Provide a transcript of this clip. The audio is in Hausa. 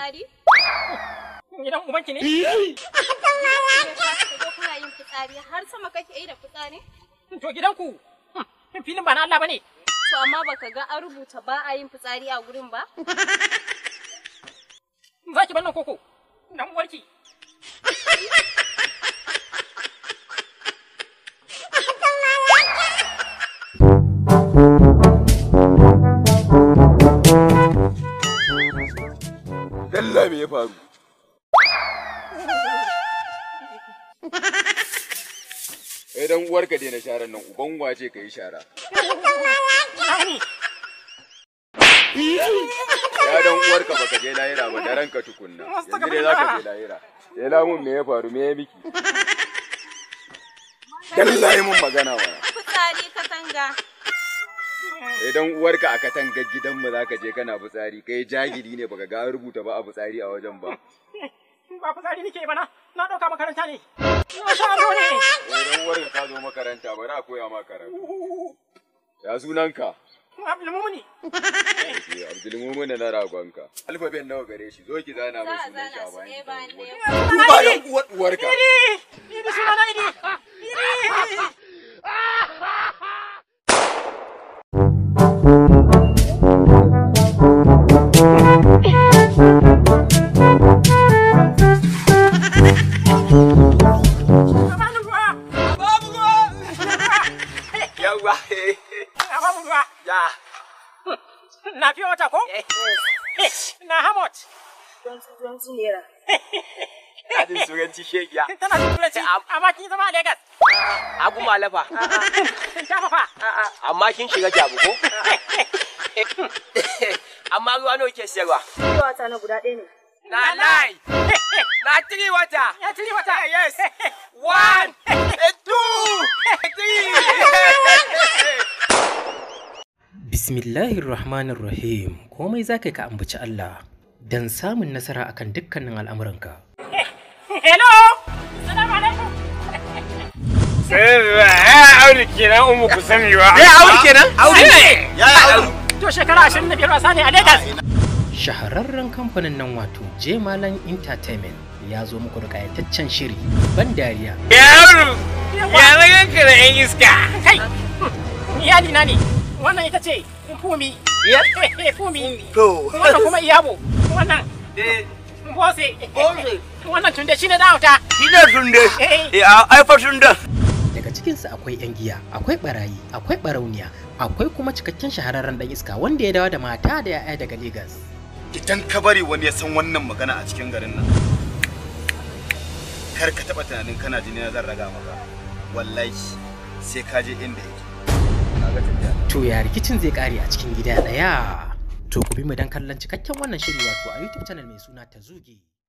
fitsari? Gidan ubanki ne? Kuna yin fitsari har sama kake yi da fitsari? To gidanku hmm, filin ba na Allah ne. To amma baka ga an rubuta ba a yin fitsari a gurin ba? Za ki bar nan koko, dan uwarki. Dalla me ya faru? Kai dan uwar ka daina sharan nan uban wace ka yi shara. Ya dan uwar ka baka je lahira ba daren ka tukunna. Yanzu dai zaka je lahira. Ya lamun me ya faru me ya miki? Dalla mun magana wa. Kusari ka katanga. idan uwarka a katangar gidanmu za ka je kana fitsari kai jagiri ne baka ga rubuta ba a fitsari a wajen ba ba fitsari nake ba na na dauka makaranta ne na sha ruwa ne idan uwarka ka zo makaranta ba a koya ma karatu ya sunanka Abdulmumuni. Abdulmumuni na ragonka. Alfaben nawa gare shi, zo ki zana mai sunan shi a bayan. Ku ba da uwar uwarka. Idi, idi sunana ne Na fiota ko? Na hamot? Don su don su nera. Hadin turanci shegiya. Tana jin turanci amma kin zama a Legas. Abu malafa. Shafafa. Amma kin shiga jabu ko? Amma ruwa nawa ke siyarwa? Ruwa wata na guda ɗaya ne. Na lai. Na tiri wata. na tiri wata. Yes. One. Two. Three. Bismillahir Rahmanir Rahim. Komai zaka ka ambaci Allah. don samun nasara akan dukkanin al'amuranka. hello salamu alaikum sai aure kenan umu ku sani ba ya aure kenan aure ne ya aure to shekara 25 wasa ne a Lagos shahararren kamfanin nan wato Jemalan Entertainment ya zo muku da kayataccen shiri ban dariya yaro ya zagan ka da yan iska kai iyali na ne wannan ita ce fumi eh, eh, fumi to wannan kuma iyabo wannan Wannan tunde shine auta. Shine tunde. Eh, eh ai fa tunde. Daga cikinsa, akwai 'yan giya, akwai barayi, akwai barauniya, akwai kuma cikakken shahararren dan iska wanda ya dawo da mata da 'ya'ya daga Legas. Idan ka bari wani ya san wannan magana a cikin garin nan, kar ka taɓa tunanin kana jini na zan raga maka. Wallahi sai ka je inda yake. To ya rikicin zai kare a cikin gida ɗaya. to ku bi mu dan kallon cikakken wannan shiri wato a YouTube channel mai suna Tazuge